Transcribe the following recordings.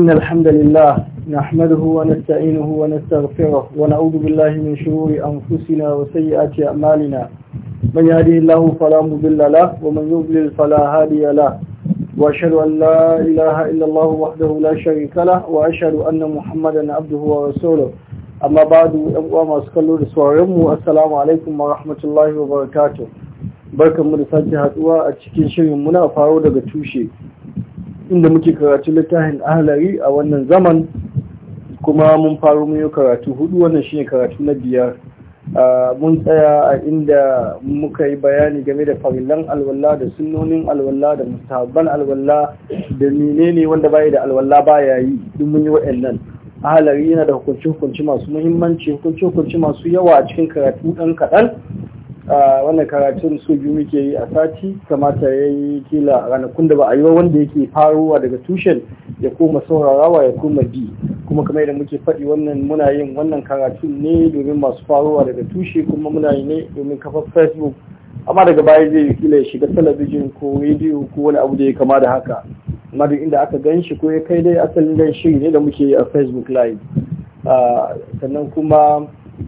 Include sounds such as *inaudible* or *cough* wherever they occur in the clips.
إن الحمد لله نحمده ونستعينه ونستغفره ونعوذ بالله من شرور أنفسنا وسيئات أعمالنا من يهده الله فلا مضل له ومن يضلل فلا هادي له وأشهد أن لا إله إلا الله وحده لا شريك له وأشهد أن محمدا عبده ورسوله أما بعد أما uwa masu kallo da sauraronmu assalamu alaikum wa rahmatullahi wa barakatuh barkanmu da sake haduwa a cikin shirin muna faro daga tushe inda muke karatu littafin ahalari a wannan zaman kuma mun faru mun yi karatu hudu wannan shine karatu na biyar mun tsaya a inda muka yi bayani game da farillan alwala da sunonin alwala da mustahabban alwalla da menene wanda bai da ba ya yi duk mun yi wa'annan ahalari yana da hukunci hukunci masu muhimmanci hukunci hukunci masu yawa a cikin karatu dan kaɗan wannan karatun su biyu muke yi a sati kamata ya yi kila ranakun da ba a yi wanda yake faruwa daga tushen ya koma saurarawa ya koma bi kuma kamar yadda muke faɗi wannan muna yin wannan karatun ne domin masu faruwa daga tushe kuma muna yi ne domin kafar facebook amma daga baya zai yi kila ya shiga talabijin ko rediyo ko wani abu da ya kama da haka amma duk inda aka gan shi ko ya kai dai asalin gan shiri ne da muke yi a facebook live sannan kuma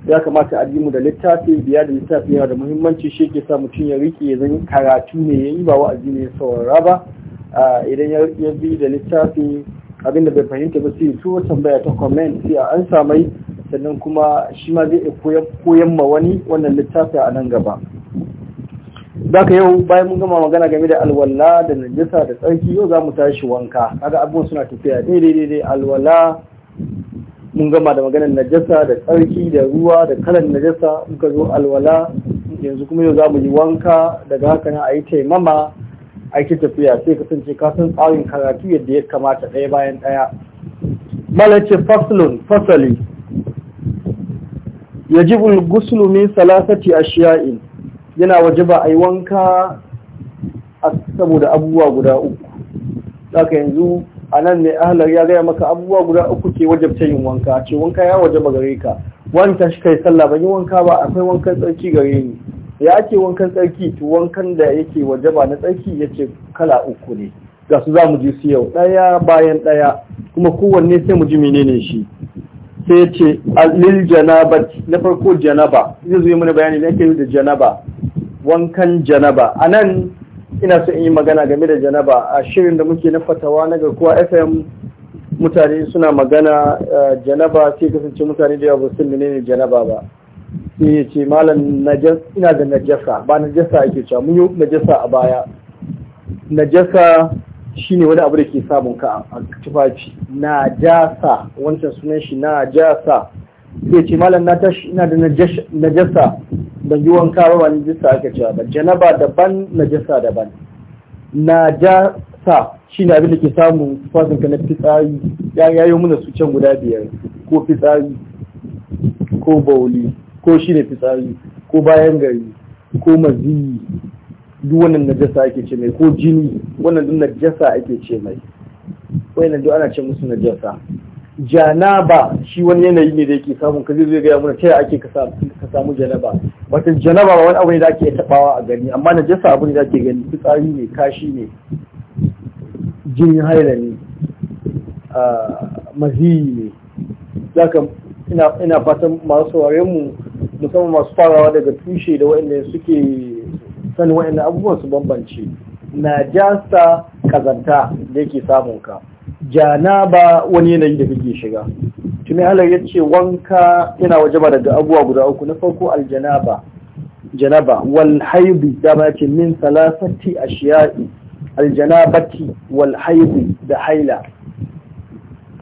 ya kamata a mu da littafi biya da littafi yana da muhimmanci shi ke sa mutum ya rike ya zan karatu ne ya yi ba wa'azi ne ya saurara ba idan ya bi da littafi abinda bai fahimta ba sai tuwa tambaya ta comment sai an samai sannan kuma shi ma zai koyan ma wani wannan littafi a nan gaba ka yau bayan mun gama magana game da alwala da najasa da tsarki yau za mu tashi wanka kaga abubuwan suna tafiya daidai daidai alwala mun gama da maganar najasa da tsarki da ruwa da kalan najasa muka zo alwala yanzu kuma yau za mu yi wanka daga haka na a yi taimama a yi tafiya sai kasance ka san tsarin karatu yadda ya kamata ɗaya bayan ɗaya malace faslun fasali yajibul guslu min salasati ashiya'in yana wajaba a yi wanka saboda abubuwa guda uku zaka yanzu a nan ne ahalar ya gaya maka abubuwa guda uku ke wajabta yin wanka A ce wanka ya wajaba gare ka wanta shi kai sallah ban yi wanka ba akwai wankan tsarki gare ni ya ake wankan tsarki to wankan da yake wajaba na tsarki ya ce kala uku ne ga su za mu ji su yau ɗaya bayan ɗaya kuma kowanne sai mu ji menene shi sai ya ce alil janaba na farko janaba zai zo mana bayani da ake da janaba wankan janaba a nan ina so in yi magana game da janaba a shirin da muke na fatawa na garkuwa fm mutane suna magana eh, janaba sai kasance mutane da yawa ba sun menene janaba ba sai ya ce malam ina da najasa ba najasa ake cewa mun yi najasa a baya najasa shine wani abu da ke samun ka a tufafi najasa wancan sunan shi najasa sai ce malam na tashi ina da najasa ban yi wanka ba ba najasa aka cewa ba janaba daban najasa daban najasa shi ne abin da ke samun fasin ka na fitsari ya yayo mana su can guda biyar ko fitsari ko bauli ko shi ne fitsari ko bayan gari ko maziyi duk wannan najasa ake ce mai ko jini wannan duk najasa ake ce mai wannan duk ana ce musu najasa janaba shi wani yanayi ne da yake samun ka zai gaya mana ta ake ka samu janaba wata janaba ba wani abu ne da ake tabawa a gani amma na najasa abu ne da ake gani fitsari ne kashi ne jini haila ne maziyi ne ka ina fatan masu sauraren mu musamman masu farawa daga tushe da waɗanda suke sanin waɗanda abubuwan su bambance najasa kazanta da yake samun ka janaba wani yanayi da kake shiga tuni halar ya ce wanka yana ba daga abuwa guda uku na farko aljanaba janaba wal haibu dama ce min salasati ashiya'i aljanabati wal haibu da haila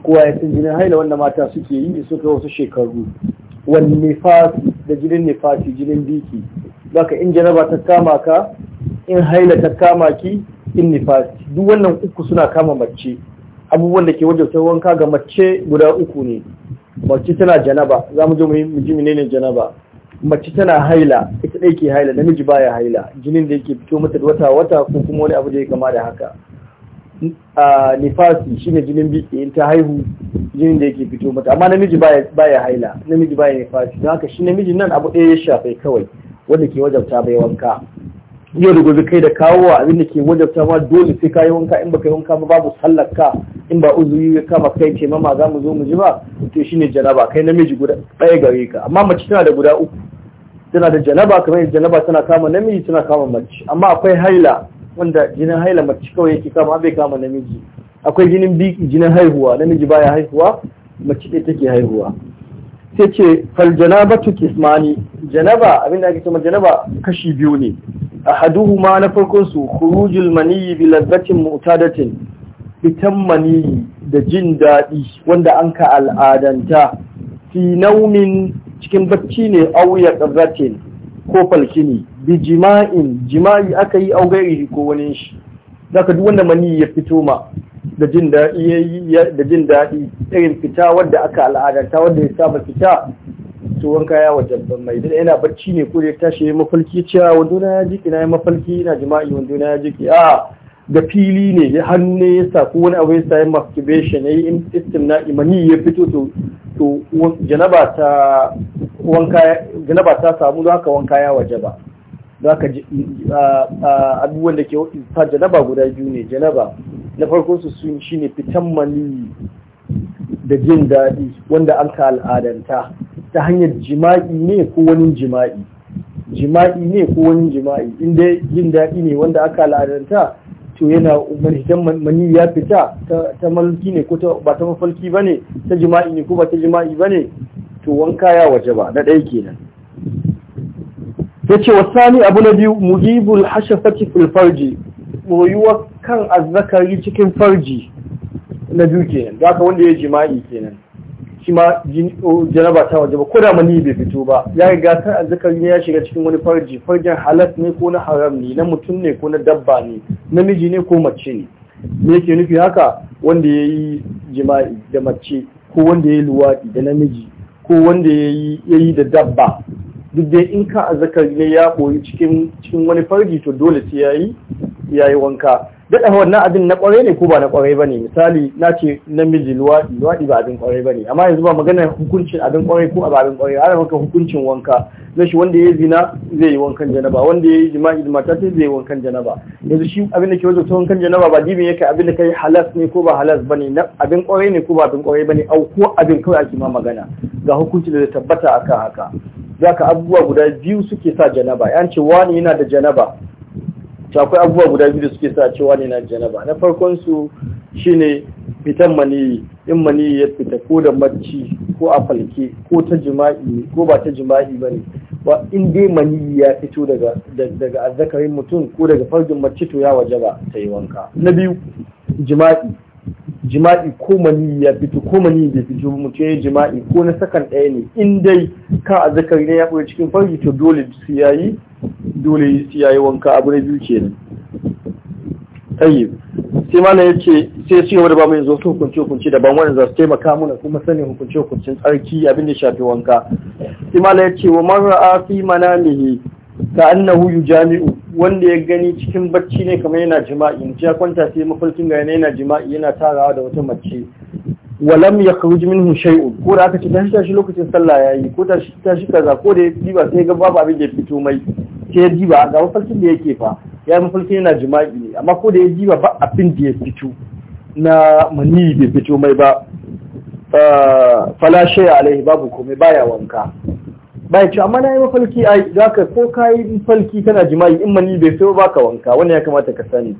kowa ya san jinin haila wanda mata suke yi suka wasu shekaru wal nifasi da jinin nifasi jinin biki baka in janaba ta kama ka in haila ta kama ki in nifasi duk wannan uku suna kama mace abubuwan da ke wajabta wanka ga mace guda uku ne mace tana janaba za mu je mu ji menene janaba mace tana haila ita ɗaya ke haila namiji baya haila jinin da yake fito mata wata wata ko kuma wani abu da ya kama da haka a nifasi shine jinin biki in ta haihu jinin da yake fito mata amma namiji baya haila namiji baya nifasi don haka shi namiji nan abu ɗaya ya shafe kawai wanda ke wajabta bai wanka yau da gobe kai da kawo wa abin da ke wajabta ma dole sai kayi wanka in baka yi wanka ba babu sallar ka in ba uzuri ya kama kai ce mama za mu zo mu ji ba to ne janaba kai namiji guda ɗaya gare ka amma mace tana da guda uku tana da janaba kamar yadda janaba tana kama namiji tana kama mace amma akwai haila wanda jinin haila mace kawai yake kama bai kama namiji akwai jinin biki jinin haihuwa namiji baya haihuwa mace ɗaya take haihuwa sai ce fal tu kismani janaba abin ake cewa janaba kashi biyu ne ahaduhu ma na farkon su khurujul maniyyi bi ladzatin mu'tadatin fitan maniyyi da jin daɗi wanda an ka al'adanta fi naumin cikin bacci ne auya qazatin ko falkini bi jima'in jima'i aka yi gairi ko wani shi zaka duk wanda maniyyi ya fito ma da jin daɗi ya yi da jin daɗi irin fita wadda aka al'adanta wadda ya saba fita to wanka ya wajabban mai idan yana barci ne ko ya tashi ya mafalki cewa ah, wando na ya jiki na ya mafalki na jima'i wando na ya jiki a ah, ga fili ne ya hannu ne ya sa ko wani abu ya sa ya masturbation ya yi na imani ya fito to to janaba ta wanka janaba ta samu haka wanka ya waje ba. zaka abubuwan da ke ta janaba guda biyu ne janaba na farkon su sun shine fitan maniyi da jin daɗi wanda an ka al'adanta ta hanyar jima'i ne ko wani jima'i jima'i ne ko wani jima'i inda jin daɗi ne wanda aka al'adanta to yana manhijan mani ya fita ta malki ne ko ba ta mafalki ba ne ta jima'i ne ko ba ta jima'i ba ne to wanka ya waje ba na ɗaya kenan yace wasani abu na biyu mujibul hashafati fil farji moyuwa kan azzakari cikin farji na biyu kenan da aka wanda ya jima'i kenan shi ma janaba ta waje ba ko da mani bai fito ba ya riga kan azzakari ne ya shiga cikin wani farji farjin halas ne ko na haram ne na mutum ne ko na dabba ne namiji ne ko mace ne me yake nufi haka wanda ya yi jima'i da mace ko wanda ya yi luwaɗi da namiji ko wanda ya yi da dabba duk dai in ka a zakar ne ya koyi cikin wani farji to dole sai yayi yayi wanka daɗa wannan abin na kwarai ne ko ba na kwarai bane misali na ce namiji luwaɗi luwaɗi ba abin kwarai bane amma yanzu ba maganar hukuncin abin kwarai ko ba abin kwarai ana maka hukuncin wanka na shi wanda ya yi zina zai yi wankan janaba wanda ya yi jima'i da mata zai yi wankan janaba yanzu shi abin da ke wajen ta wankan janaba ba dibin yake abin da kai halas ne ko ba halas bane na abin kwarai ne ko ba abin kwarai bane au ko abin kawai ake ma magana ga hukuncin da tabbata akan haka zaka abubuwa guda biyu suke sa janaba yan ce wani yana da janaba to akwai abubuwa guda biyu da suke sa ce wani yana da janaba na farkon su shine fitan maniyi in maniyi ya fita ko da macci ko a falke ko ta jima'i ko ba ta jima'i ne ba in dai maniyi ya fito daga daga azzakarin mutum ko daga farjin macci to ya waje ba ta yi wanka na biyu jima'i jima'i ko mani ya fito ko mani ya fito mu ce jima'i ko na sakan ɗaya ne in dai ka zakari ne ya fito cikin farji to dole su yayi dole su yayi wanka abu na biyu kenan tayyib sai malam ce sai su yawar ba mai yanzu su hukunce hukunce da ban wani za su taimaka mana kuma sanin hukunce hukuncin tsarki abin da shafi wanka sai malam ce wa mara a fi manamihi ka annahu yujami'u wanda ya gani cikin bacci ne kamar yana jima'i mutum ya kwanta sai mafarkin ga yana jima'i yana tarawa da wata mace walam ya kharuj minhu shay'un ko da aka ce ta shi lokacin sallah ya yi, ko ta shi kaza ko da ya diba sai ga babu abin da ya fito mai sai ya diba ga mafarkin da yake fa ya mafarkin yana jima'i ne amma ko da ya diba ba abin da ya fito na maniyi bai fito mai ba ah, fala shay'a alaihi babu komai baya wanka bai ci amma na yi mafalki ai za ka ko ka yi mafalki kana jima'i in mani bai ba ka wanka wannan ya kamata ka sani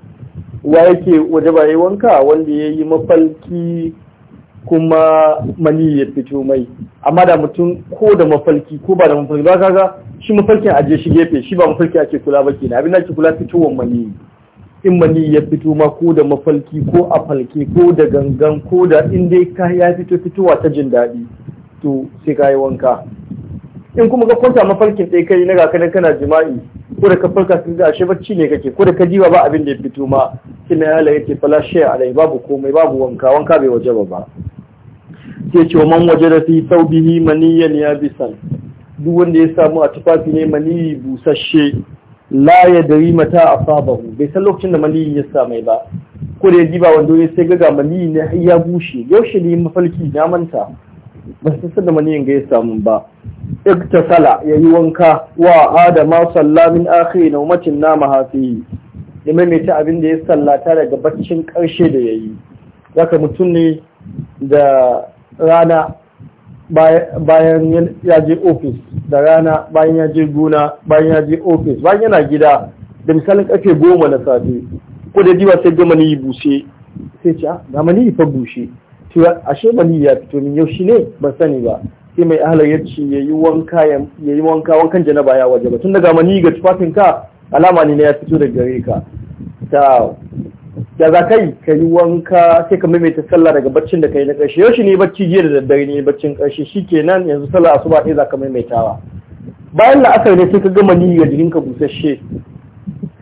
wa yake waje ba yi wanka wanda ya yi mafalki kuma mani ya fito mai amma da mutum ko da mafalki ko ba da mafalki ba kaga shi mafalkin aje shi gefe shi ba mafalki ake kula ba kenan abin da ake kula fitowar mani in mani ya fito ma ko da mafalki ko a falke ko da gangan ko da inda ya fito fitowa ta jin daɗi to sai ka yi wanka in kuma ka kwanta mafarkin sai kai na gaka kana jima'i ko da ka farka sun da ashe bacci ne kake ko da ka jiwa ba abin da ya fito ma na yala yace fala shay alai babu komai babu wanka wanka bai waje ba ke ce wa man waje da fi saubihi maniyan ya bisan duk wanda ya samu a tufafi ne maniyi busashe. la ya dari mata a sabahu bai san lokacin da maniyi ya samai ba ko da ya jiba wando ne sai gaga maniyi ne ya bushe yaushe ne mafarki ya manta ba su san da mani ga gaisa samu ba iktasala yayi wanka wa adama sallamin ake na umatin nama hafi ya maimaita abin da ya sallata daga baccin karshe da yayi zaka mutum ne da rana bayan ya je ofis da rana bayan ya je gona bayan ya je ofis bayan yana gida da misalin karfe goma na safe ko da jiwa sai gama ni yi bushe sai ce ah, ni yi fa bushe cewa ashe bali ya fito min yau shi ne ban sani ba sai mai ahalar ya ce wanka wanka wankan janaba ya waje ba tun daga mani ga tufafin ka alama ne na ya fito daga gare ka ta da za kai ka yi wanka sai ka maimaita sallah daga baccin da kai na ƙarshe shi ne bacci jiya da daddare ne baccin ƙarshe nan yanzu sallah asuba ɗaya za ka maimaitawa bayan la'asar ne sai ka gama niyyar ka busasshe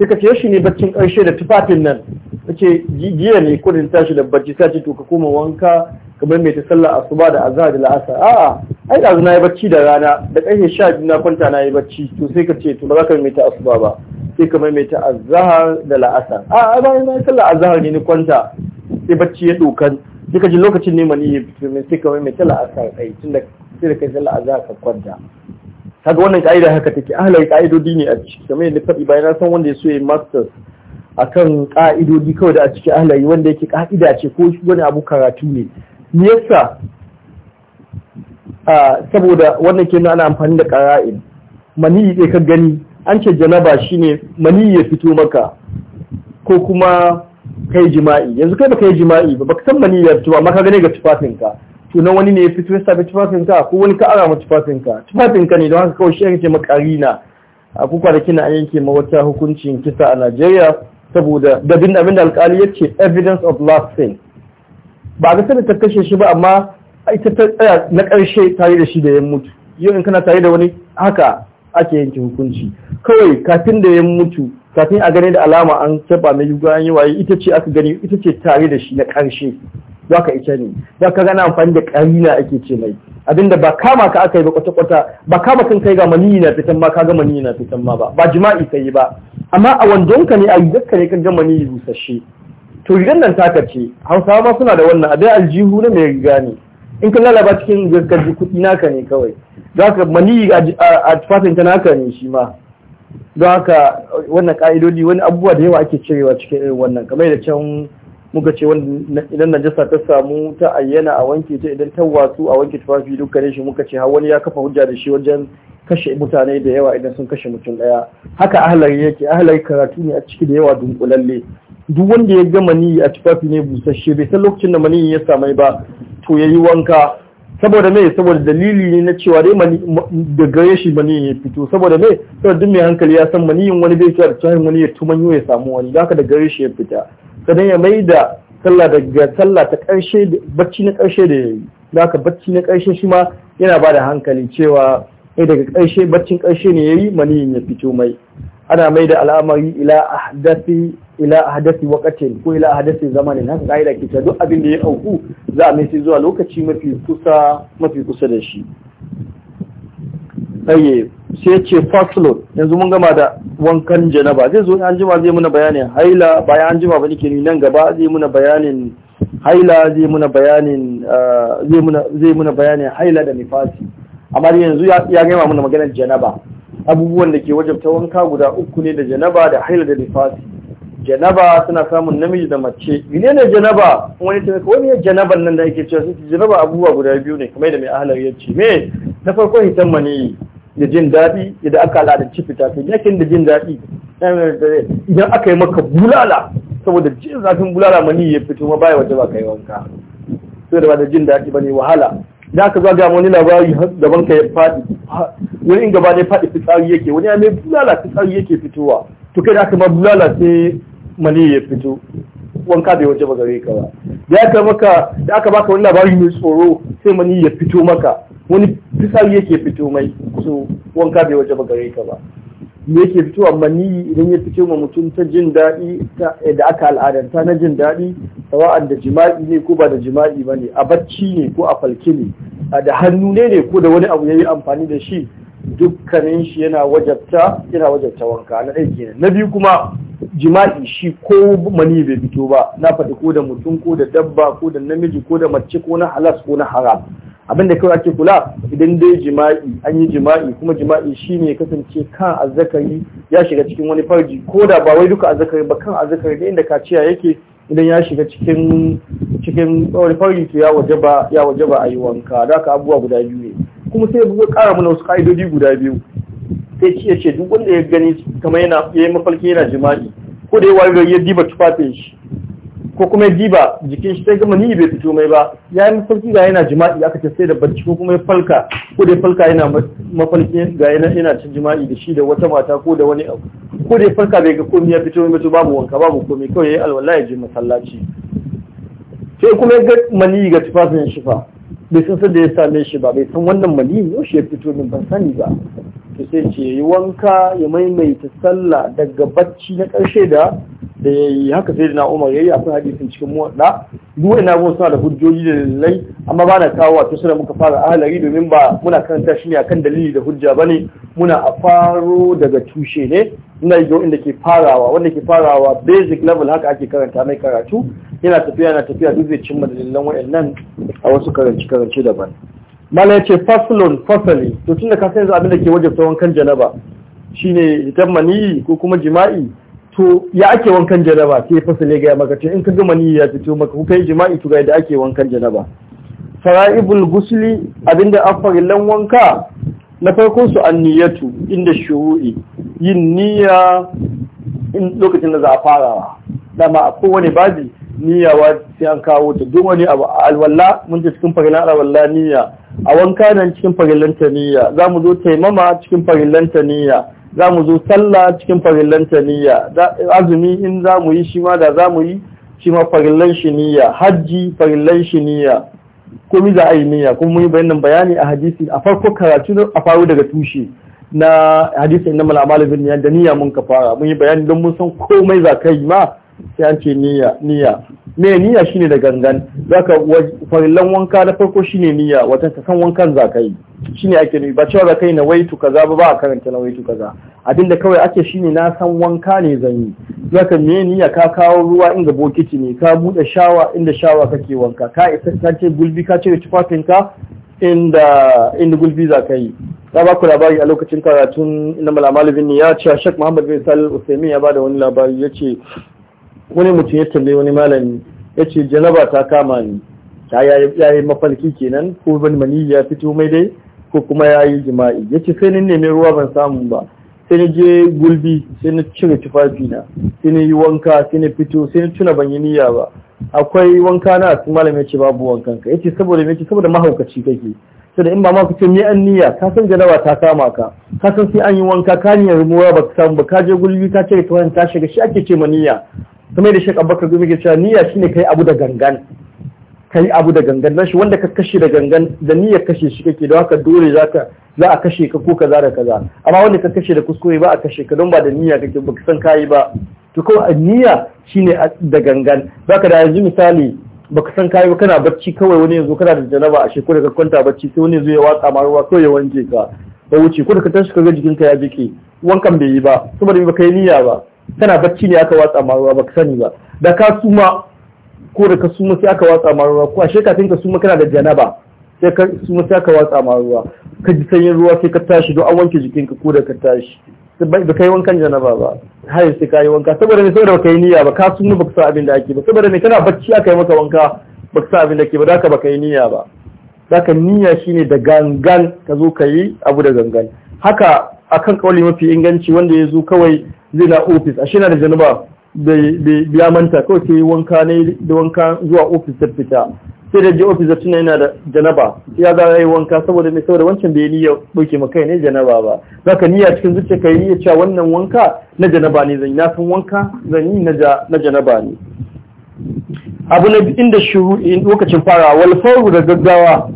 ka ce shi ne baccin ƙarshe da tufafin nan ce jiya ne kudin tashi da bacci sai ce to ka koma wanka kamar mai ta sallah asuba da azhar da la'asar a'a ai da na yi bacci da rana da ƙarfe 12 na kwanta na yi bacci to sai ka ce to ba za ka mai ta asuba ba sai ka mai ta azhar da la'asar a'a bayan na yi sallah azhar ne ni kwanta sai bacci ya dokan sai ka ji lokacin ne mani ya sai ka mai ta la'asar kai tunda sai da kai sallah azhar ka kwanta kaga wannan ka'ida haka take ahlai ka'idodi ne a ciki kamar yadda faɗi bayan na san wanda ya so ya masters akan ka'idodi kawai da a ciki ahlai wanda yake ka'ida ce ko wani abu karatu ne me yasa saboda wannan kenan ana amfani da qara'in mani sai ka gani an ce janaba shine mani ya fito maka ko kuma kai jima'i yanzu kai baka yi jima'i ba baka san mani ya fito amma ka gane ga tufafinka Tunan wani ne ya fito ya sami tufafinka ko wani ka ara ma tufafinka tufafinka ne don haka kawai shi yanke makarina a kuka da kina an yanke ma wata hukuncin kisa a Najeriya saboda da bin abin da alkali ya ce evidence of last thing ba a ga sani ta kashe shi ba amma ita ta tsaya na karshe tare da shi da ya mutu yau in kana tare da wani haka ake yanke hukunci kawai kafin da ya mutu kafin a gani da alama an taba mai yuga an yi waye ita ce aka gani ita ce tare da shi na karshe za ka ita ne za ka gana amfani da ƙarina ake ce mai abinda ba kama ka aka yi ba kwata-kwata ba kama kan kai ga maniyi na fitan ma ka ga maniyi na fitan ma ba ba jima'i ka yi ba amma a wandonka ne a rigarka ne ka ga maniyi busasshe to rigar nan ta ce hausawa ma suna da wannan abin aljihu na mai riga ne in ka lalaba cikin rigar kuɗi naka ne kawai za ka maniyi a fatan ka naka ne shi ma don haka wannan ka'idodi wani abubuwa da yawa ake cirewa cikin irin wannan kamar da can muka ce idan najasa ta samu ta ayyana a wanke ta idan ta watsu a wanke tufafi dukkanin shi muka ce ha wani ya kafa hujja da shi wajen kashe mutane da yawa idan sun kashe mutum daya haka ahlari yake ahlari karatu ne a ciki da yawa dunkulalle duk wanda ya gama niyi a tufafi ne busasshe bai san lokacin da maniyi ya samai ba to yayi wanka saboda me saboda dalili ne na cewa dai da gare shi mani ya fito saboda me saboda duk mai hankali ya san maniyin wani bai kyau da tsarin wani ya tumanyo ya samu wani da haka da gare shi ya fita sadan ya mai da sallah daga sallah ta ƙarshe bacci na ƙarshe da yayi da haka bacci na ƙarshe shi ma yana ba da hankali cewa ai eh, daga ƙarshe baccin ƙarshe ne yayi maniyin ya fito mai ana mai da al'amari ila ahdasi ila ahdasi waqatin ko ila ahdasi zamanin haka kaida ke duk abin da ya auku za a mai zuwa lokaci mafi kusa mafi kusa da shi tayyib sai ce faslon yanzu mun gama da wankan janaba zai zo an jima zai muna bayanin haila bayan an jima ba nake nan gaba zai muna bayanin haila zai muna bayanin ah, zai muna bayanin haila da nifasi amma yanzu ya gama muna maganar janaba abubuwan da ke wajabta wanka guda uku ne da janaba da haila da nifasi janaba suna samun namiji da mace ne ne janaba wani ta ko ne janaban nan da yake cewa janaba abubuwa guda biyu ne kamar da mai ahalar ce me na farko hitan maniyi da jin daɗi idan aka al'adance fita to yakin da jin daɗi eh, idan aka yi maka bulala saboda jin zafin bulala mani ya fito ma baya wata ba ka yi wanka saboda ba da jin daɗi ba ne wahala da aka zaga wani labari daban ka ya faɗi wani in gaba ne faɗi fitsari yake wani ya mai bulala fitsari yake fitowa to kai da aka ma bulala sai mani ya fito wanka bai waje ba gare ka ba da aka maka da aka baka wani labari mai tsoro sai mani ya fito maka wani fisari yake fito mai so wanka bai waje gare ka ba me yake fito amma ni idan ya fito ma mutum ta jin daɗi da aka al'adanta na jin daɗi sawa'an da jima'i ne ko ba da jima'i ba ne a bacci ne ko a falkini ne da hannu ne ne ko da wani abu ya yi amfani da shi dukkanin shi yana wajabta yana wajabta wanka na aiki ne na biyu kuma jima'i shi ko mani bai fito ba na faɗi ko da mutum ko da dabba ko da namiji ko da mace ko na halas ko na haram abin da kawai ake kula idan dai jima'i an yi jima'i kuma jima'i shi ne kasance kan azzakari ya shiga cikin wani farji ko da ba wai duka azzakari ba kan azzakari da inda kaciya yake idan ya shiga cikin cikin wani farji to ya ba ya a yi wanka da ka abubuwa guda biyu ne kuma sai ya kara mana wasu ka'idodi guda biyu sai ya ce duk wanda ya gani kamar yana ya yi mafarki yana jima'i ko da ya wayo ya diba tufafin shi ko kuma ya diba jikin shi sai gama ni bai fito mai ba ya yi mafarki ga yana jima'i aka ce sai da bacci ko kuma ya falka ko da ya falka yana mafarki ga yana yana cin jima'i da shi da wata mata ko da wani abu ko da ya falka bai ga komai ya fito mai babu wanka babu komai kawai ya yi alwala ya je masallaci sai kuma ya ga mani ga tufafin shi fa bai san sanda ya same shi ba bai san wannan maliyin yau shi ya fito min ban sani ba to sai ce yi wanka ya maimaita sallah daga bacci na karshe da da ya yi haka sai na umar ya yi akwai hadisin cikin muwaɗa duwa ina suna da hujjoji da dalilai amma ba na kawo wato suna muka fara ahalari domin ba muna karanta shi ne akan dalili da hujja ba ne muna a faro daga tushe ne ina yi inda ke farawa wanda ke farawa basic level haka ake karanta mai karatu yana tafiya na tafiya duk zai cimma dalilan nan a wasu karanci karanci daban mala ya ce faslon fasali to da ka san yanzu abin da ke ta wankan janaba shine hitan maniyi ko kuma jima'i to ya ake wankan janaba sai fasali ga maka to in ka ga maniyi ya fito maka ko kai jima'i to ga yadda ake wankan janaba fara'ibul gusli abinda afarilan wanka na farkon su niyatu inda shuru'i yin niyya in lokacin da za a farawa dama a kowane babi niyawa sai an kawo ta duk wani abu alwala mun ji cikin farilan alwala niyya a wanka nan cikin farilan ta niyya za mu zo taimama cikin farilan ta niyya za mu zo sallah cikin farilan ta niyya azumi in za mu yi shi ma da za mu yi shi ma farilan shi niyya hajji farilan shi niyya komai za a yi niyya kuma mun yi bayanin bayani a hadisi a farko karatu a faru daga tushe na hadisi na mal niyya da niyya mun ka fara mun yi bayani don mun san komai za ka yi ma sai an ce niyya niyya me niyya shine da gangan zaka farillan wanka na farko shine niyya wata ka san wankan za ka yi shine ake nufi ba cewa kai na waitu kaza ba ba a karanta na waitu kaza abinda kawai ake shine na san wanka ne zan yi zaka me niyya ka kawo ruwa inda bokiti ne ka bude shawa inda shawa kake wanka ka isa ka ce gulbi ka ce tufafinka inda inda gulbi za ka yi ta ba ku labari a lokacin karatun inda malamalibin ya ce shek muhammad bin Salim usaimi ya ba da wani labari ya ce wani mutum ya tambaye wani malami ya ce janaba ta kama ni ta ya yi mafarki kenan ko ban mani ya fito mai dai ko kuma ya yi jima'i ya ce sai ni nemi ruwa ban samu ba sai na je gulbi sai na cire tufafina sai na yi wanka sai na fito sai na tuna ban yi niyya ba akwai wanka na su malam ya ce babu wankan ka yace saboda me yace saboda mahaukaci kake da in ba ma ce me an niyya ka san janaba ta kama ka ka san sai an yi wanka ka niyya ruwa ba ka samu ba ka je gulbi ka cire tufafin ta shiga shi ake ce niyya kuma da shi abubakar gumi ke cewa niyya shine kai abu da gangan kai abu da gangan dan shi wanda ka kashe da gangan da niyya kashe shi kake da haka dole ka za a kashe ka ko kaza da kaza amma wanda ka kashe da kuskure ba a kashe ka don ba da niyya kake ba san kai ba to ko niyya shine da gangan ka da yanzu misali baka san kai ba kana bacci kawai wani yanzu kana da janaba a shekara ka kwanta bacci sai wani yanzu ya watsa ma ruwa ko ya wanke ka ba wuce ko da ka tashi ka ga jikinka ya jike wankan bai yi ba saboda ba ka yi niyya ba kana bacci ne aka watsa ma ruwa baka sani ba da ka suma ko da ka suma sai aka watsa ma ruwa ko a shekatin ka suma kana da janaba sai ka suma sai aka watsa ma ruwa ka ji sanyin ruwa sai ka tashi don an wanke jikinka ko da ka tashi ba ka yi wankan janaba ba har sai ka yi wanka saboda ne saboda baka yi niyya ba ka suma baka san abin da ake ba saboda ne kana bacci aka yi maka wanka baka san abin da ake ba da ka baka yi niyya ba zaka niyya shine da gangan ka zo ka yi abu da gangan haka akan kauli mafi inganci wanda ya zo kawai zai na ofis a shina da janaba ya manta kawai sai wanka ne da wanka zuwa ofis ta fita sai da ji ofis da tuna yana da janaba ya za a yi wanka saboda mai saboda wancan bai niyya ɗauke maka ne janaba ba za ka niyya cikin zuciya ka yi niyya cewa wannan wanka na janaba ne zan yi na san wanka zan yi na janaba ne abu na inda shuru lokacin fara walfaru da gaggawa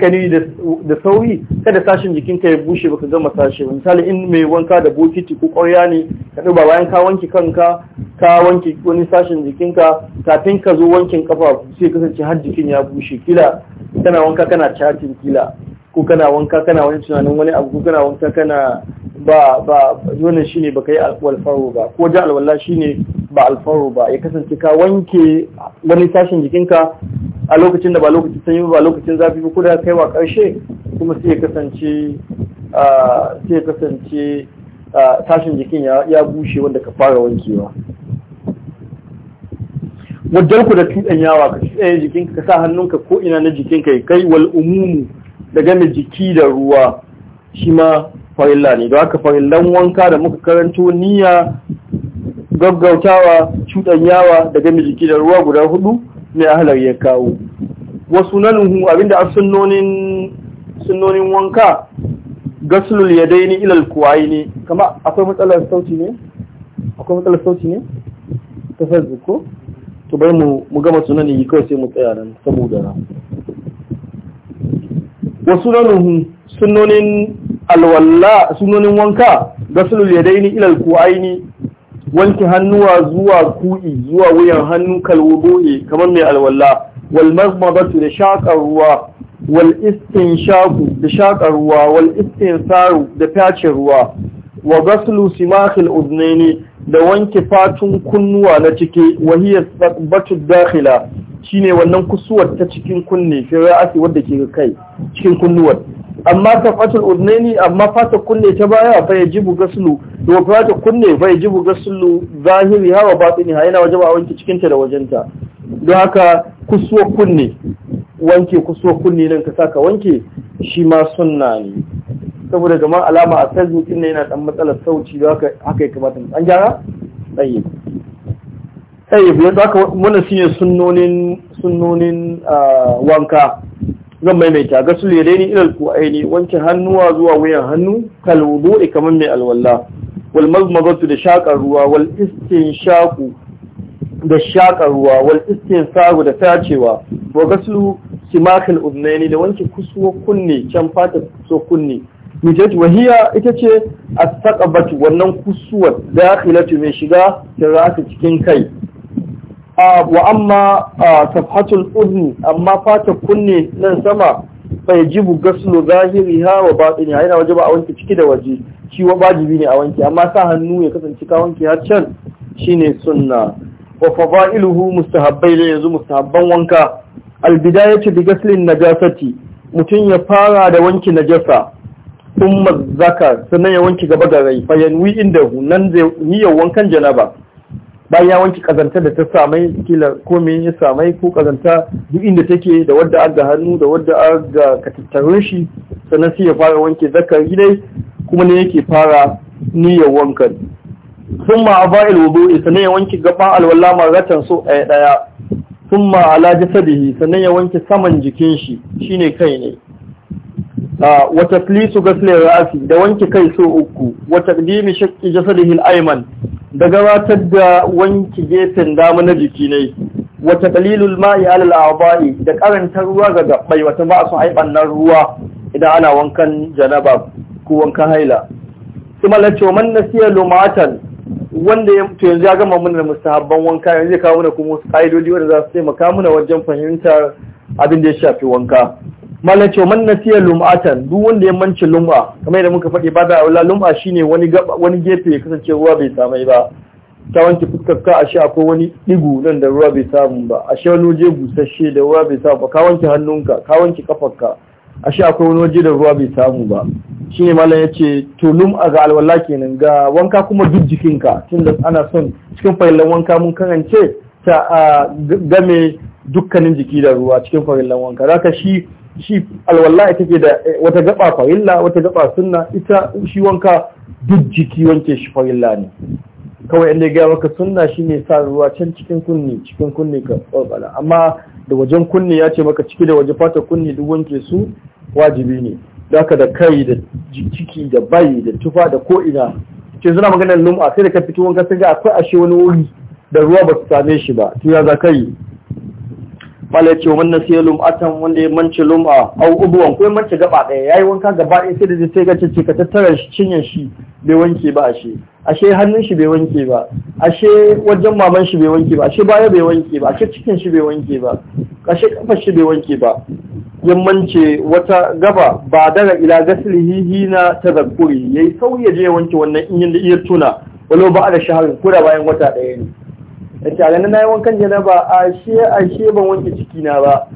kani da sauri kada sashin jikinka ya bushe ka gama sashi misali in mai wanka da bokiti ko ƙwarya ne ka duba bayan ka wanke kanka ka wanke wani sashin jikinka kafin ka zo wankin kafa sai kasance har jikin ya bushe kila kana wanka kana chatin kila ko kana wanka kana wani tunanin wani abu ko kana wanka kana ba ba wannan shine baka yi alfaro ba ko ja alwala shine ba alfaro ba ya kasance ka wanke wani sashin jikinka a lokacin da ba lokacin sanyi ba lokacin zafi ba kuda kai wa karshe kuma sai ya kasance sai ya kasance tashin jikin ya bushe wanda ka fara wankewa wajen ku da yawa ka tsaye jikinka ka sa hannunka ko ina na jikinka kai wal umumu da game jiki da ruwa shi ma farilla ne don haka farillan wanka da muka karanto niyya gaggautawa cuɗanyawa da game jiki da ruwa guda hudu ne ahalar ya kawo wasu nanuhu abinda a sunnonin wanka gasulul ya daini ilal kuwayi ne kama akwai matsalar sauti ne akwai matsalar sauti ne ta facebook ko to bai mu gama sunanin yi kawai sai mu tsaya nan saboda na wasu nanuhu sunnonin alwalla sunnonin wanka gasulul ya daini ilal kuwayi wanke hannuwa zuwa ku'i zuwa wuyan hannu kalwudu'i kamar mai alwala wal mazmadatu da shaƙar ruwa wal istinshaku da shaƙar ruwa wal istinsaru da tace ruwa wa ghaslu simakhil udnaini da wanke fatun kunnuwa na ciki wahiya tsabatu dakhila shine wannan kusuwar ta cikin kunne fi ra'asi wanda ke kai cikin kunnuwar amma ta urne udnaini amma fata kunne ta baya fa jibu gaslu to fata kunne fa jibu gaslu zahiri hawa batini ha yana wajaba a wanke cikinta da wajenta don haka kusuwa kunne wanke kusuwa kunne nan ka saka wanke shi ma sunna ne saboda gama alama a facebook ne yana dan matsalar sauci don haka haka ya kamata an gyara tsaye tsaye yanzu haka muna shine sunnonin sunnonin ah, wanka zan maimaita ga su lere ni ilal aini wanke hannuwa zuwa wuyan hannu kal wudu'i kamar mai alwala wal mazmazatu da shaqar ruwa wal istinshaku da shaqar ruwa wal istinsagu da tacewa wa su simakal udnaini da wanke kusuwa kunne can fata so kunne mijat wahiya ita ce asaqabatu wannan kusuwar dakhilatu mai shiga ta cikin kai wa amma safhatul udni amma fata kunne nan sama fa yajibu ghaslu ha wa batiniha yana wajaba a wanke ciki da waje shi wa wajibi ne a wanke amma sa hannu ya kasance ka wanke har can shine sunna wa fadailuhu mustahabbai ne yanzu mustahabban wanka bidayatu bi ghaslin najasati mutum ya fara da wanke najasa thumma zakar sannan ya wanke gaba garai fa yanwi inda nan zai niyyar wankan janaba bayan ya wanke kazanta da ta samai kila ko me ya samai ko kazanta duk inda take da wadda an ga hannu da wadda an ga katattarun shi sannan sai ya fara wanke zakari dai kuma ne yake fara niyyar wankan sun ma a ba'il wudu'i sannan ya wanke gaban alwala maratan so ɗaya ɗaya sun ma ala jasadihi sannan ya wanke saman jikin shi shine kai ne Wata tlisu ghasl ra'si da wanke kai so uku wata dimi shakki jasadihi al-ayman da gabatar da wanke gefen dama na jiki ne Wata dalilul ma'i 'ala al da karanta ruwa ga gabbai wata ba su haiban nan ruwa idan ana wankan janaba ko wankan haila kuma la ce man nasiya lumatan wanda ya to yanzu ya gama mana da mustahabban wanka yanzu zai kawo mana kuma wasu ka'idodi wanda za su taimaka mana wajen fahimtar abin da ya shafi wanka malam ce man nasiya lum'atan duk wanda ya mance lum'a kamar yadda muka faɗi ba da aula lum'a shine wani wani gefe ya kasance ruwa bai samai ba ta wanke fuskar ka ashe akwai wani digu nan da ruwa bai samu ba ashe wani waje busasshe da ruwa bai samu ba ka wanke hannunka ka wanke kafarka ashe akwai wani waje da ruwa bai samu ba shine malam ya ce to lum'a ga alwala kenan ga wanka kuma duk jikinka tunda ana son cikin farillan wanka mun karance ta game dukkanin jiki da ruwa cikin farillan wanka zaka shi shi alwala ita ke da eh, wata gaba farilla wata gaba sunna ita shi wanka duk jiki wanke shi farilla ne kawai inda ya maka sunna ne sa ruwa can cikin kunni cikin kunni ka tsotsala amma da wajen kunni ya ce maka ciki da waje fata kunni duk wanke su wajibi ne haka da kai da ciki da bayi da tufa da ko ina ce suna maganar lum'a sai da ka fito wanka sai ga akwai ashe wani wuri da ruwa ba su same shi ba to ya za yi. malai ce wannan sai lum atan wanda ya lum lum'a au ubuwan ko ya manci gaba ɗaya yayi wanka gaba ɗaya sai da zai sai gace ce ka tattara shi cinyar shi bai wanke ba ashe ashe hannun shi bai wanke ba ashe wajen maman shi bai wanke ba ashe baya bai wanke ba ashe cikin shi bai wanke ba ashe kafar shi bai wanke ba ya mance wata gaba ba daga ila na ta zakuri yayi sauye je wanke wannan in yin da iya tuna walau ba a da shaharin ko da bayan wata ɗaya ne ya ce a na yi wankan shiye a shiye ban wanke ciki na ba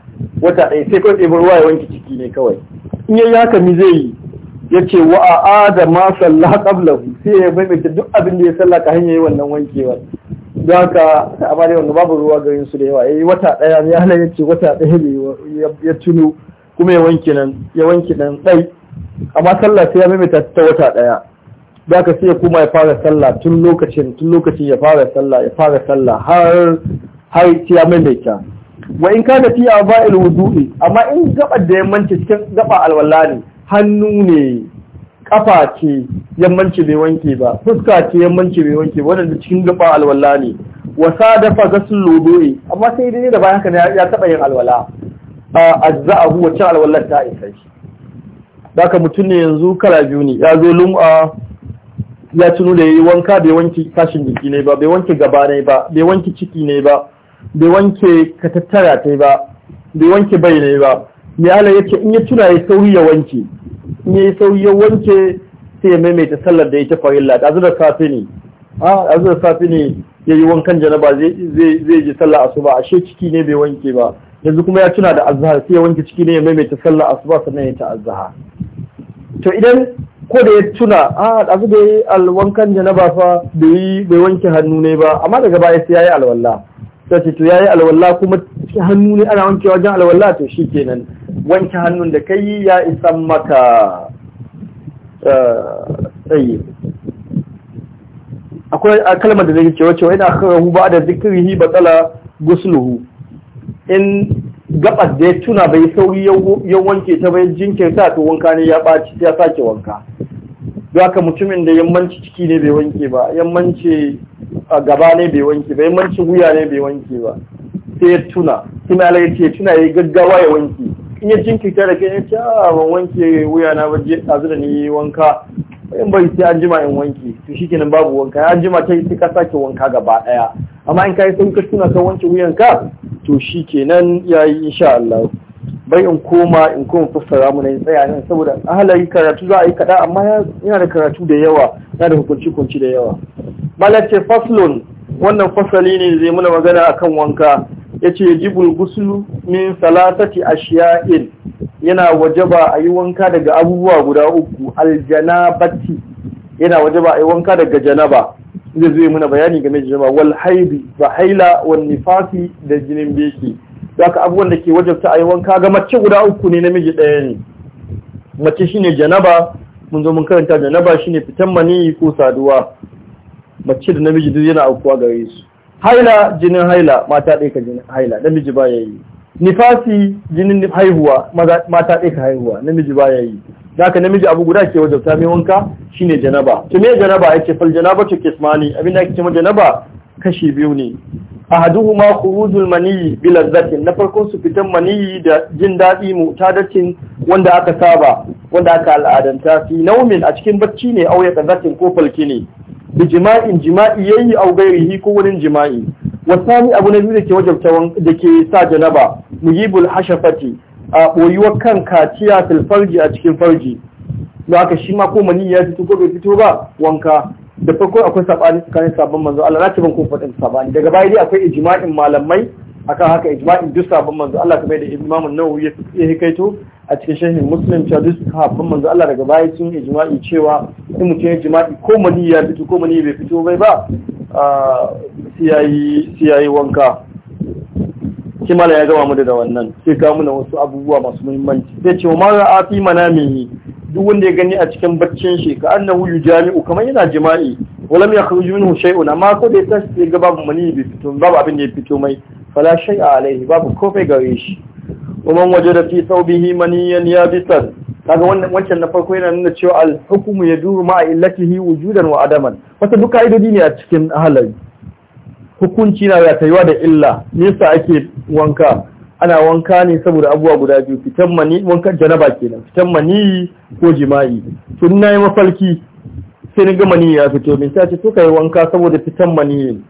wata ɗaya sai kawai ɗaya ruwa ya wanke ciki ne kawai in yayi haka mi zai yi ya ce wa a da ma sallah qablahu sai ya maimaita duk abin da ya sallah ka hanyar wannan wankewar don haka amma dai wanda babu ruwa garin su da yawa yayi wata ɗaya ya hana ya ce wata ɗaya ne ya tuno kuma ya wanke nan ya wanke nan ɗai amma sallah sai ya maimaita ta wata ɗaya da ka sai kuma ya fara sallah tun lokacin tun lokacin ya fara sallah ya fara sallah har har ya maimaita wa in kana fi aba'il wudu'i amma in gaba da yammanci cikin gaba alwala ne hannu ne kafa ce yammanci bai wanke ba fuska ce yammanci bai wanke ba Wannan cikin gaba alwala ne wa sadafa gasul wudu'i amma sai dai da bayan haka ya taba yin alwala a azza'ahu wa ta alwala ta isa shi da mutum ne yanzu kala biyu ne ya zo lum'a ya tuno da yayi wanka bai wanke kashin jiki ne ba bai wanke gaba ne ba bai wanke ciki ne ba bai wanke katattara ta ba bai wanke bai ne ba yala yace in ya tuna ya sauri ya wanke in ya sauri ya wanke sai ya maimaita sallar da ya ta farilla da zuwa safi ne a ah, da safi ne ya yi wankan janaba zai je sallar asuba ashe ciki ne bai wanke ba yanzu kuma ya tuna da azhar sai ya wanke ciki ne ya maimaita sallar asuba sannan ya ta azhar to idan ko da ya tuna a ah, ɗazu da ya yi alwankan ba fa bai wanke hannu ne ba amma daga baya sai ya yi alwallah ta ce to ya yi alwallah kuma hannu ne ana wanke wajen alwallah to shi kenan wanke hannun da kai ya isa maka eh, tsaye akwai a kalmar da zai ce wacce wani akarahu ba da zikirihi batsala gusluhu in gabas da ya tuna bai sauri ya wanke ta bai jinkirta to wanka ne ya ɓaci ya sake wanka don haka mutumin da yammanci ciki ne bai wanke ba yammanci gaba ne bai wanke ba yammanci wuya ne bai wanke ba sai ya tuna kuma ya ce tuna ya yi gaggawa ya wanke in ya ta da kai ya ce a ah, ban wanke wuya na ba tazu da ni wanka in bai sai an jima in wanke to shikenan babu wanka an jima ta yi sai ka sake wanka gaba ɗaya amma in ka yi sauka tuna ka wanke wuyanka to shi kenan yayi insha Allah bai in koma in koma fassara mu ne tsaya nan saboda ahalari karatu za a yi kada amma yana da karatu da yawa yana da hukunci kunci da yawa malace faslun wannan fasali ne zai muna magana a kan wanka yace yajibul guslu min salatati ashiya'in yana wajaba a yi wanka daga abubuwa guda uku aljanabati yana wajaba a yi wanka daga janaba zai zo muna bayani game da jama'a wal haidi ba haila wal nifasi da jinin beki ka abubuwan da ke wajabta a yi wanka ga mace guda uku ne namiji ɗaya ne mace shine janaba mun zo mun karanta janaba shine fitan maniyi ko saduwa mace da namiji duk yana aukuwa gare su haila jinin haila mata ɗaya ka jinin haila namiji ba ya yi nifasi jinin haihuwa mata ɗaya ka haihuwa namiji ba ya yi zaka namiji abu guda ke wajabta mai wanka shine janaba to me janaba yake fal janaba to kismani abinda ake cewa janaba kashi biyu ne ahaduhuma khurujul mani bi lazzatin na farkon su fitan mani da jin daɗi dacin wanda aka saba wanda aka al'adanta fi naumin a cikin bacci ne auya kazatin ko falki ne bi jima'in jima'i yayi au gairihi ko wurin jima'i wasani abu na biyu da ke wajabta da ke sa janaba mujibul hashafati a ɓoyiwar kan kaciya filfarji a cikin farji da aka shi ma ko mani ya fito ko bai fito ba wanka da farko akwai sabani tsakanin sabon manzo Allah na ce ban kun faɗin sabani daga baya dai akwai ijma'in malamai akan haka ijma'in duk sabon manzo Allah kamar da imamun Nawawi ya to. a cikin shahin Muslim cewa duk sabon manzo Allah daga baya sun ijma'i cewa in mutum ya jima'i ko mani ya fito ko mani bai fito bai ba siyayi wanka shi mala ya gama muda da wannan sai ga muna wasu abubuwa masu muhimmanci sai ce ma ra'a fi manamihi duk wanda ya gani a cikin baccin shi ka annahu yujami'u kamar yana jima'i walam yakhruju minhu shay'un amma ko da ya tashi sai ga babu mani bi fito babu abin da ya fito mai fala shay'a alaihi babu kofai gare shi ومن وجد في ya منيا يابسا kaga wannan wancan na farko yana nuna cewa al-hukmu yaduru ma'a illatihi wujudan wa adaman wata duka idodi ne a cikin halari hukunci na ratayuwa da illa nesa ake wanka ana wanka ne saboda abubuwa guda biyu fitan mani wankan janaba kenan fitan mani ko jima'i tun na yi mafarki sai ni gama ni ya fito min sai ce to kai wanka saboda fitan mani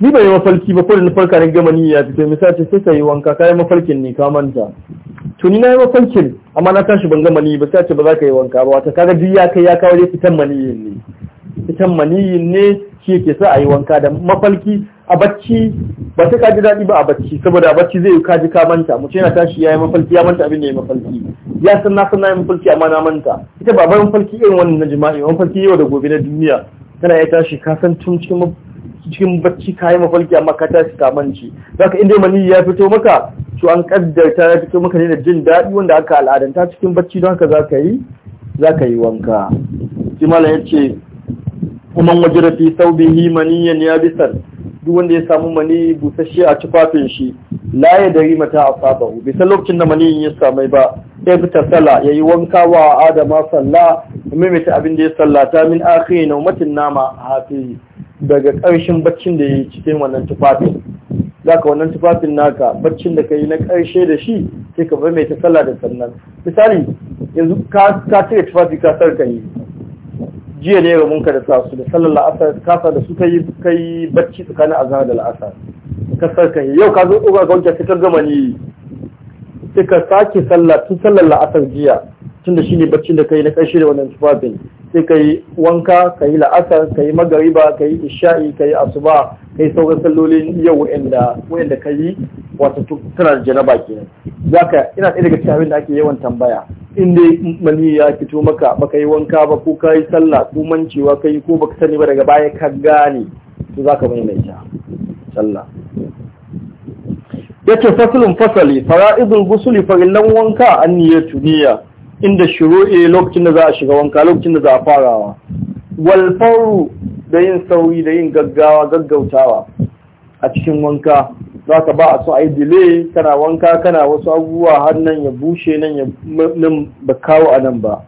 ni bai yi mafarki ba ko da na farka ni gama ni ya fito min sai ce sai kai wanka kai mafarkin ne ka manta tun ni na yi mafarkin amma na tashi ban gama ni ba sai ce ba za ka yi wanka ba wata kaga duk ya kai ya kawo dai fitan mani ne fitan mani ne shi ke sa a yi wanka da mafalki a bacci ba sai ka daɗi ba a bacci saboda a bacci zai ka ji ka manta Mu ce na tashi ya yi mafalki ya manta abin da ya yi mafalki ya san na san na yi mafalki amma na manta ita ba bai mafalki irin wannan na jima'i mafalki yau da gobe na duniya kana ya tashi ka san tun cikin bacci ka yi mafalki amma ka tashi ka manci ka inda mani ya fito maka to an kaddarta ya fito maka ne da jin daɗi wanda aka al'adanta cikin bacci don haka za ka yi za ka yi wanka. Jimala ya ce Kuma waje wajira fi saubihi maniyan ya bisar duk wanda ya samu mani busasshe a tufafin shi la ya dari mata asabahu bai san lokacin da mani ya samai ba sai ta sala yi wanka wa adama salla mimita abin da ya sallata min akhiri na umatin nama a hafi daga ƙarshen baccin da yi cikin wannan tufafin zaka wannan tufafin naka baccin da ka yi na ƙarshe da shi sai ka bar mai ta salla da sannan misali yanzu ka ka cire tufafi ka sarka yi jiya ne munka da tasu da sallar la'asar kasa da su ta yi kai bacci tsakanin azhar da la'asar ka sarka yau ka zo tsoka ga wancan sai ka ka sake sallah tun sallar la'asar jiya tun da ne baccin da kai na karshe da wannan tufafin sai ka yi wanka ka yi la'asar ka yi magariba ka yi isha'i ka yi asuba ka yi sauran sallolin yau wa'anda ka yi wata tana da janaba ke za ka ina ɗaya daga cikin da ake yawan tambaya Inda dai mani ya fito maka baka yi wanka ba ko ka yi sallah ko mancewa ka yi ko baka sani ba daga baya ka gane to za ka maimaita sallah yace faslun fasali fara'idul gusuli farillan wanka an niyyatu niyya inda shiru'i lokacin da za a shiga wanka lokacin da za a farawa wal da yin sauri da yin gaggawa gaggautawa a cikin wanka za ka ba a so a yi delay kana wanka kana wasu abubuwa har nan ya bushe nan ya nan ba kawo a nan ba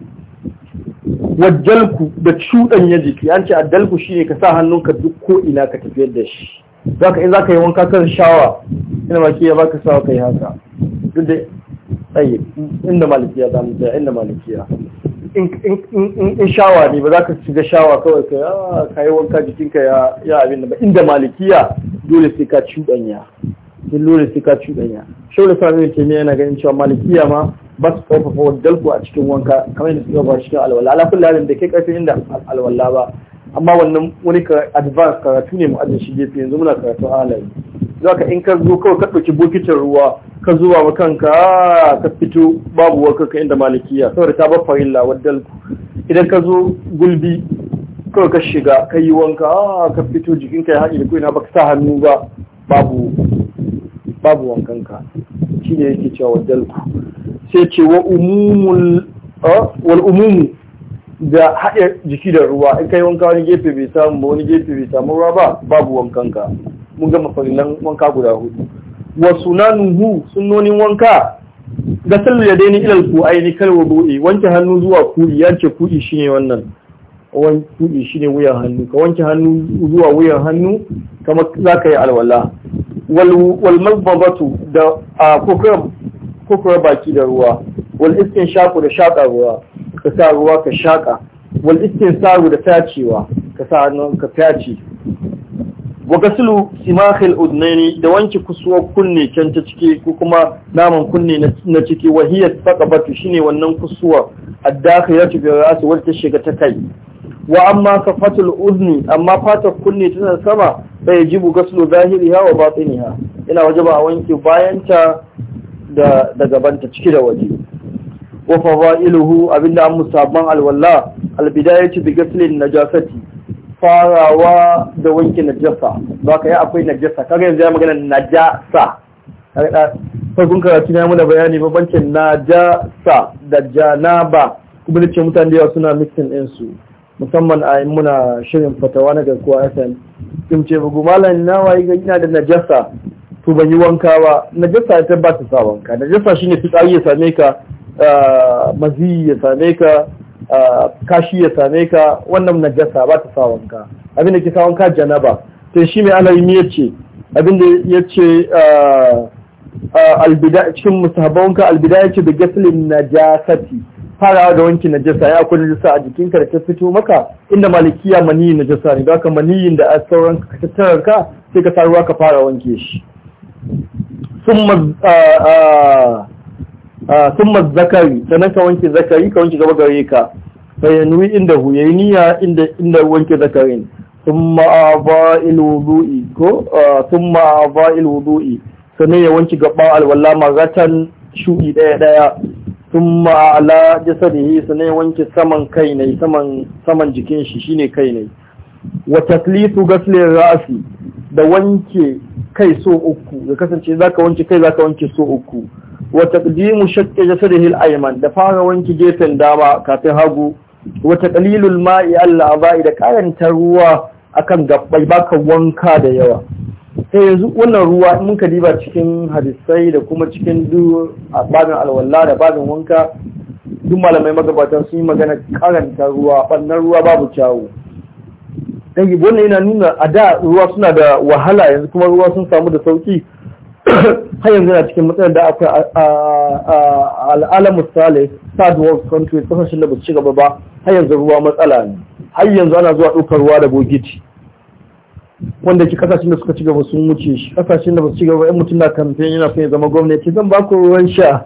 wajjalku da cuɗan ya jiki an ce addalku ne ka sa hannunka duk ko ina ka tafiyar da shi Za ka yi wanka kan shawa ina ma ke ya sa ka yi haka duk da tsaye inda malikiya za mu tsaya inda malikiya in shawa ne ba za ka shiga shawa kawai ka ah, ka yi wanka jikinka ya abin da ba inda malikiya dole sai ka cuɗanya in dole sai ka cuɗanya shaula sa ke ne yana ganin cewa malikiya ma ba su ƙarfafa wadalku a cikin wanka kamar yadda suka ba cikin alwala ala kulli halin da ke ƙarfin inda alwala ba amma wannan wani advance karatu ne mu ajiye shi gefe yanzu muna karatu halaye za ka in ka zo kawai ka ɗauki bokitin ruwa ka zuwa wa kanka ka fito babu wa kanka inda malikiya saboda ta bar farilla wadda idan ka zo gulbi kawai ka shiga ka yi wanka ah, ka fito jikinka ya haɗe da kuina ba ka sa hannu ba babu babu wankanka shi ne yake cewa wadalku sai ce wa umumul ah, wal umumu da haɗe jiki da ruwa in ka yi wanka wani gefe bai samu ba wani gefe bai samu ruwa ba babu wankanka mun gama farillan wanka guda hudu na nuhu sunnonin wanka ga sallu ya daini ilal aini kalwa wudu'i wanke hannu zuwa kuɗi ya ce kuɗi ne wannan Kuɗi shi ne wuyan hannu ka wanke hannu zuwa wuyan hannu kamar ka yi alwala wal wal da a kokura baki da ruwa wal iskin shaku da shaka ruwa ka sa ruwa ka shaka wal iskin saru da tacewa ka sa hannun ka tace wa gasilu simakhil udnaini da wanke kusuwar kunne can ta ciki ko kuma naman kunne na ciki wa hiya taqabatu shine wannan kusuwa ad-dakhilatu bi ra'si wal shiga ta kai wa amma safatul udni amma fatar kunne tana sama fa yajibu zahiri zahiriha wa batiniha ina wajaba a wanke ta da da ta ciki da waje wa fawailuhu abinda an musabban alwala albidayatu bi na najasati farawa da wanke najasa ba ka yi akwai najasa kaga yanzu ya magana najasa farkon karatu na muna bayani bankin najasa da janaba kuma da ce mutane yawa suna mixin ɗinsu musamman a muna shirin fatawa na garkuwa fm sun ce bugu malam na wayi ga ina da najasa to ban yi wanka ba najasa ta ba ta sa wanka najasa shine fitsari ya same ka ah, maziyi ya same ka kashi ya same ka wannan najasa ba ta sa wanka abin da ke sa wanka janaba sai shi mai alaymi ya ce abin da ya ce cikin musahabar wanka albida ya ce da gaslin najasati farawa da wanki najasa ya akwai najasa a jikinka da ta fito maka inda malikiya maniyin najasa ne da maniyin da a sauran ka tattarar ka sai ka sa ruwa ka fara wanke shi Ah, thumma zakari sannan ka wanke zakari ka wanke gaba gare ka fayanwi inda hu yayi niyya inda inda wanke zakarin thumma aba'il wudu'i ko ah, thumma aba'il wudu'i sannan ya wanke gaba alwala magatan shu'i ɗaya ɗaya sun ma'ala jasadihi sannan ya wanke saman kai ne saman jikin shi shine kai ne wa taklisu gaslin ra'asi da wanke kai so uku da kasance zaka wanke kai zaka wanke so uku wa taqdimu shakka jasadihi al-ayman da fara wanki gefen dama kafin hagu wa taqlilul ma'i al-aba'i da karanta ruwa akan gabbai baka wanka da yawa sai yanzu wannan ruwa in muka diba cikin hadisai da kuma cikin duk babin da babin wanka duk malamai magabatan sun yi magana karanta ruwa bannan ruwa babu kyawu wannan yana nuna a da ruwa suna da wahala yanzu kuma ruwa sun samu da sauki *coughs* har yanzu na cikin matsayin da akwai al'alamu sale third world country kasashen da ba ci gaba ba har yanzu ruwa matsala ne har yanzu ana zuwa ɗaukar ruwa da bogiti wanda ke kasashen da suka ci gaba sun wuce shi kasashen da ba su ci gaba yan mutum na kamfen yana son ya zama gwamnati zan ba ku ruwan sha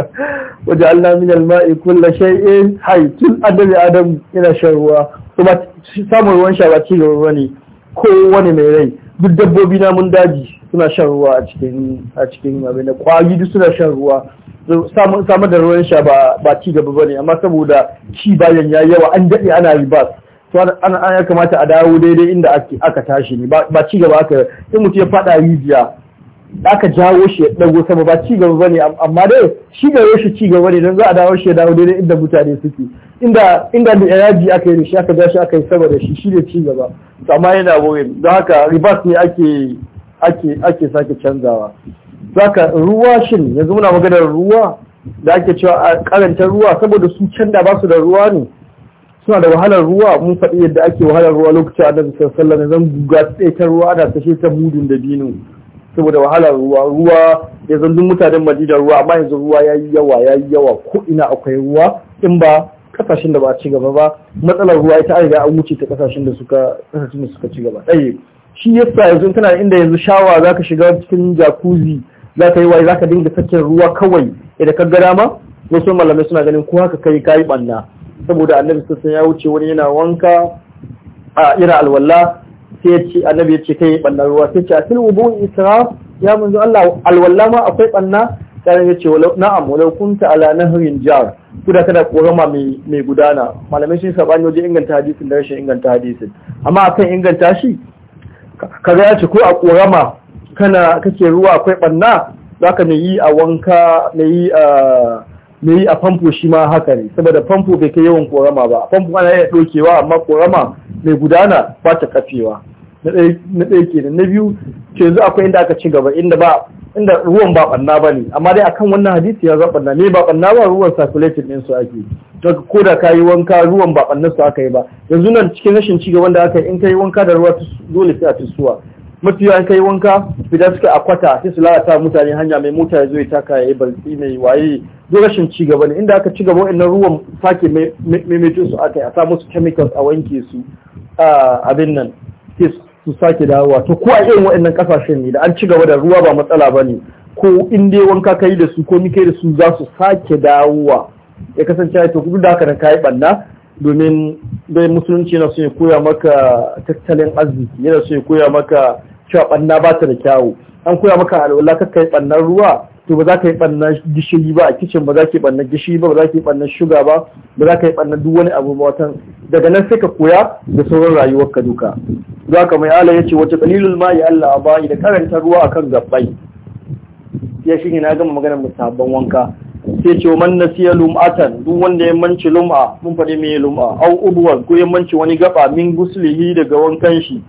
*laughs* waje Allah min alma'i, kulla kullu Hai, hay tun adabi adam yana shan ruwa to ba samun ruwan sha ba ci gaba Ko kowane mai rai duk dabbobi na mun daji suna shan ruwa a cikin a cikin abin da kwayi duk suna shan ruwa samar da ruwan sha ba ci gaba bane amma saboda ci bayan ya yawa an daɗe ana ribas to an ya kamata a dawo daidai inda aka tashi ne ba ci gaba aka in mutum ya faɗa rijiya aka jawo shi ya ɗago sama ba ci gaba bane amma dai shi gaba shi ci gaba ne don za a dawo shi ya dawo daidai inda mutane suke inda inda da yaji aka yi shi aka ja shi aka yi sama da shi shi ne ci gaba amma yana wurin don haka ribas ne ake ake ake sake canzawa zaka ruwa shin yanzu muna maganar ruwa da ake cewa a karanta ruwa saboda su canda ba su da ruwa ne suna da wahalar ruwa mun faɗi yadda ake wahalar ruwa lokacin a nan sun sallar zan guga tsaye ta ruwa ana tashe ta mudun da binu saboda wahalar ruwa ruwa ya zandun mutanen madina ruwa amma yanzu ruwa ya yi yawa ya yi yawa ko ina akwai ruwa in ba kasashen da ba a ci gaba ba matsalar ruwa ita an riga an wuce ta kasashen da suka kasashen da suka ci gaba ɗaya shi yasa yanzu kana inda yanzu shawa Za ka shiga cikin jacuzzi ka yi Za ka dinga sakin ruwa kawai idan ka ga dama wasu malamai suna ganin ko haka kai kayi banna saboda annabi sassan ya wuce wani yana wanka a ira alwala sai ya ce annabi ya ce kai banna ruwa sai ce a fil wudu israf ya manzo Allah alwala ma akwai banna sai ya ce na'am walau kunta ala nahrin jar kuda kana korama mai mai gudana malamai sun sabani wajen inganta hadisin da rashin inganta hadisin amma akan inganta shi Ka ya ce ko a korama kana kake ruwa akwai banna ka mai yi a wanka mai yi a famfo shi ma haka ne saboda famfo bai kai yawan korama ba famfo ana iya ɗokewa amma korama mai gudana ba ta kafewa na ɗaya kenan na biyu ke yanzu akwai inda aka ci gaba inda ba inda ruwan ba ɓanna ba ne amma dai akan wannan hadisi ya zaɓa ɓanna. me ba ɓanna ba ruwan circulated din su ake to ko da ka yi wanka ruwan ba ɓanna su aka yi ba yanzu nan cikin rashin ci gaban da aka yi in ka yi wanka da ruwa dole sai a tusuwa mafi yawan yi wanka fida suka akwata sai su lalata mutane hanya mai mota ya zo ya taka ya yi baltsi mai waye duk rashin ci gaba ne inda aka ci gaba wannan ruwan sake maimaito su aka yi a sa musu chemicals a wanke su abin nan su sake dawowa to ko a irin waɗannan kasashen ne da an ci gaba da ruwa ba matsala ba ne ko in dai wanka kai da su ko ni kai da su za su sake dawowa ya kasance ya to da haka na kayi banna domin dai musulunci yana so ya koya maka tattalin arziki yana so ya koya maka cewa ɓanna ba ta da kyawu an koya maka alwala kakkai bannan ruwa to ba za ka yi ɓanna gishiri ba a kicin ba za ka yi ɓanna gishiri ba ba za ka yi ɓanna shuga ba ba za ka yi ɓanna duk wani abu ba watan daga nan sai ka koya da sauran rayuwar ka duka za ka mai ala ya ce wata kalilul ma ya Allah ba da karanta ruwa akan gabbai ya shi ne na gama magana maganar sabon wanka sai ce man nasiya lum'atan duk wanda ya manci lum'a mun faɗi me lum'a au ubuwan ko ya manci wani gaba min guslihi daga wankan shi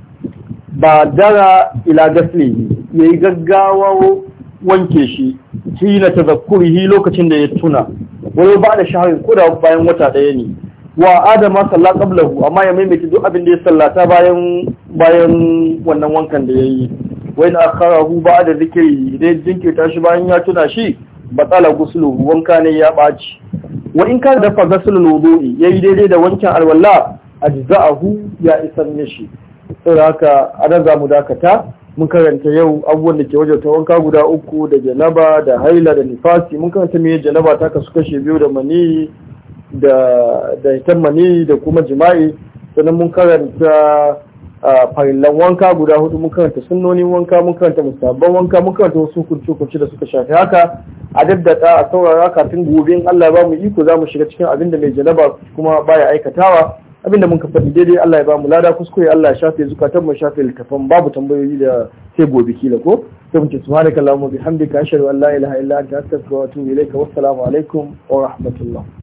ba dara ila gaslihi yayi gaggawa wanke shi hina tazakkurihi lokacin da ya tuna wani ba da shahari ko da bayan wata ɗaya ne wa adama salla qablahu amma ya maimaita duk abin da ya sallata bayan bayan wannan wankan da yayi wa ba akharahu ba'da zikiri, idan jinkirta shi bayan ya tuna shi batsala gusulu wanka ne ya ɓaci wa in ka dafa gasulul wudu'i yayi daidai da wankin alwala ajza'ahu ya isan mishi saboda haka za mu dakata mun karanta yau abubuwan da ke wajauta wanka guda uku da janaba da haila da nifasi mun karanta me janaba ta kasu kashe biyu da mani da da mani da kuma jima'i sannan mun karanta farillan wanka guda hudu mun karanta sunnonin wanka mun karanta musabban wanka mun karanta wasu hukunci da suka shafi haka a daddada a saurara kafin gobe in Allah ba mu iko za mu shiga cikin abin da mai janaba kuma baya aikatawa abinda mun faɗi daidai Allah ya ba mu lada kuskure Allah ya shafe zukatan mu shafe littafan babu tambayoyi da sai gobe kila ko sai mu ce allahumma bihamdika ashhadu an la ilaha illa anta astaghfiruka wa atubu ilaika wassalamu alaikum wa rahmatullah